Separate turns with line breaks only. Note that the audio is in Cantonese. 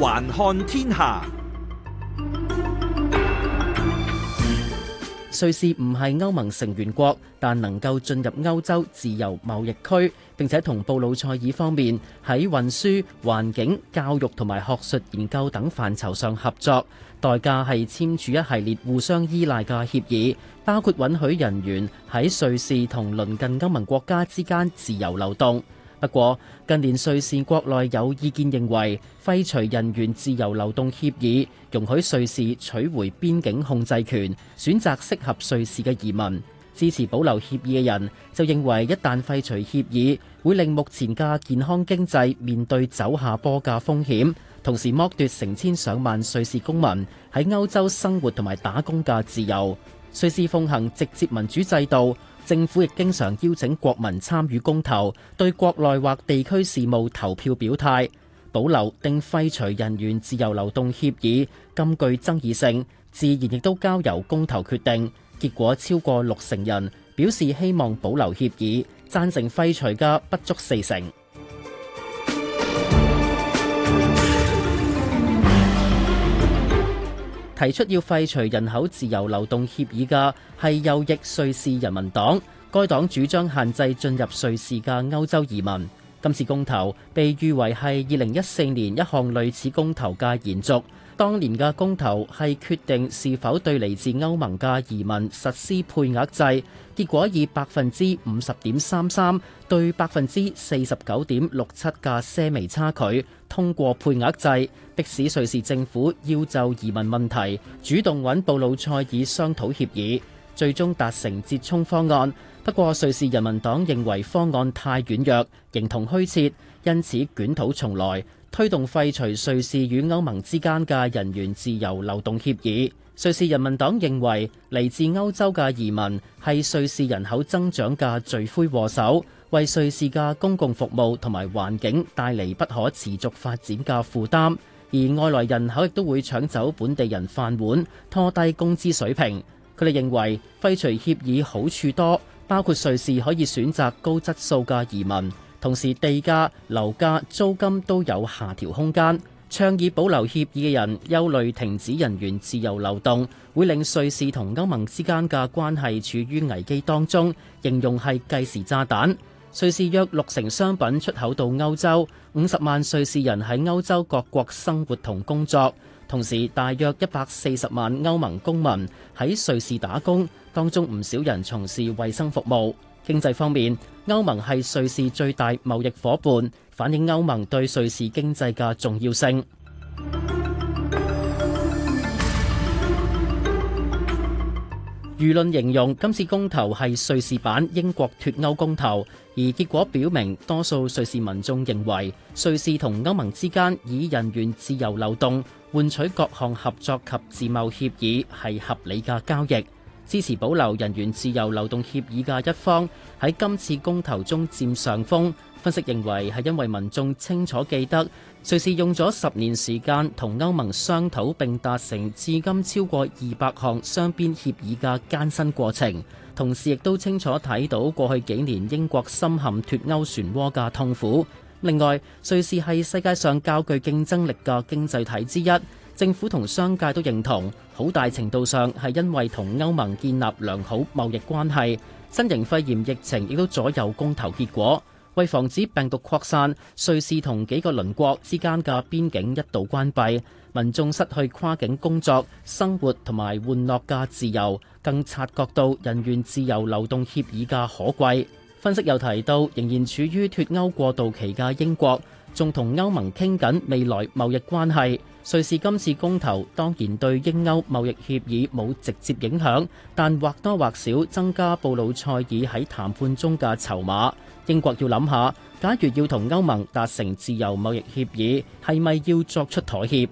環看天下，瑞士唔係歐盟成員國，但能夠進入歐洲自由貿易區，並且同布魯塞爾方面喺運輸、環境、教育同埋學術研究等範疇上合作。代價係簽署一系列互相依賴嘅協議，包括允許人員喺瑞士同鄰近歐盟國家之間自由流動。不過，近年瑞士國內有意見認為廢除人員自由流動協議，容許瑞士取回邊境控制權，選擇適合瑞士嘅移民。支持保留協議嘅人就認為，一旦廢除協議，會令目前嘅健康經濟面對走下坡嘅風險，同時剝奪成千上萬瑞士公民喺歐洲生活同埋打工嘅自由。瑞士奉行直接民主制度，政府亦經常邀請國民參與公投，對國內或地區事務投票表態。保留定廢除人員自由流動協議，更具爭議性，自然亦都交由公投決定。結果超過六成人表示希望保留協議，贊成廢除嘅不足四成。提出要廢除人口自由流動協議嘅，係右翼瑞士人民黨，該黨主張限制進入瑞士嘅歐洲移民。今次公投被譽為係二零一四年一項類似公投嘅延續，當年嘅公投係決定是否對嚟自歐盟嘅移民實施配額制，結果以百分之五十點三三對百分之四十九點六七嘅些微差距通過配額制，迫使瑞士政府要就移民問題主動揾布魯塞爾商討協議，最終達成折衷方案。不過，瑞士人民黨認為方案太軟弱，形同虛設，因此捲土重來，推動廢除瑞士與歐盟之間嘅人員自由流動協議。瑞士人民黨認為，嚟自歐洲嘅移民係瑞士人口增長嘅罪魁禍首，為瑞士嘅公共服務同埋環境帶嚟不可持續發展嘅負擔，而外來人口亦都會搶走本地人飯碗，拖低工資水平。佢哋認為廢除協議好處多。包括瑞士可以選擇高質素嘅移民，同時地價、樓價、租金都有下調空間。倡議保留協議嘅人憂慮停止人員自由流動，會令瑞士同歐盟之間嘅關係處於危機當中，形容係計時炸彈。瑞士約六成商品出口到歐洲，五十萬瑞士人喺歐洲各國生活同工作，同時大約一百四十萬歐盟公民喺瑞士打工，當中唔少人從事衛生服務。經濟方面，歐盟係瑞士最大貿易夥伴，反映歐盟對瑞士經濟嘅重要性。輿論形容今次公投係瑞士版英國脱歐公投，而結果表明多數瑞士民眾認為瑞士同歐盟之間以人員自由流動換取各項合作及自貿協議係合理嘅交易。支持保留人員自由流動協議嘅一方喺今次公投中佔上風。分析認為係因為民眾清楚記得瑞士用咗十年時間同歐盟商討並達成至今超過二百項雙邊協議嘅艱辛過程，同時亦都清楚睇到過去幾年英國深陷脱歐漩渦嘅痛苦。另外，瑞士係世界上較具競爭力嘅經濟體之一。政府同商界都認同，好大程度上係因為同歐盟建立良好貿易關係。新型肺炎疫情亦都左右公投結果。為防止病毒擴散，瑞士同幾個鄰國之間嘅邊境一度關閉，民眾失去跨境工作、生活同埋玩樂嘅自由，更察覺到人員自由流動協議嘅可貴。分析又提到，仍然處於脫歐過渡期嘅英國，仲同歐盟傾緊未來貿易關係。瑞士今次公投當然對英歐貿易協議冇直接影響，但或多或少增加布魯塞爾喺談判中嘅籌碼，英國要諗下，假如要同歐盟達成自由貿易協議，係咪要作出妥協。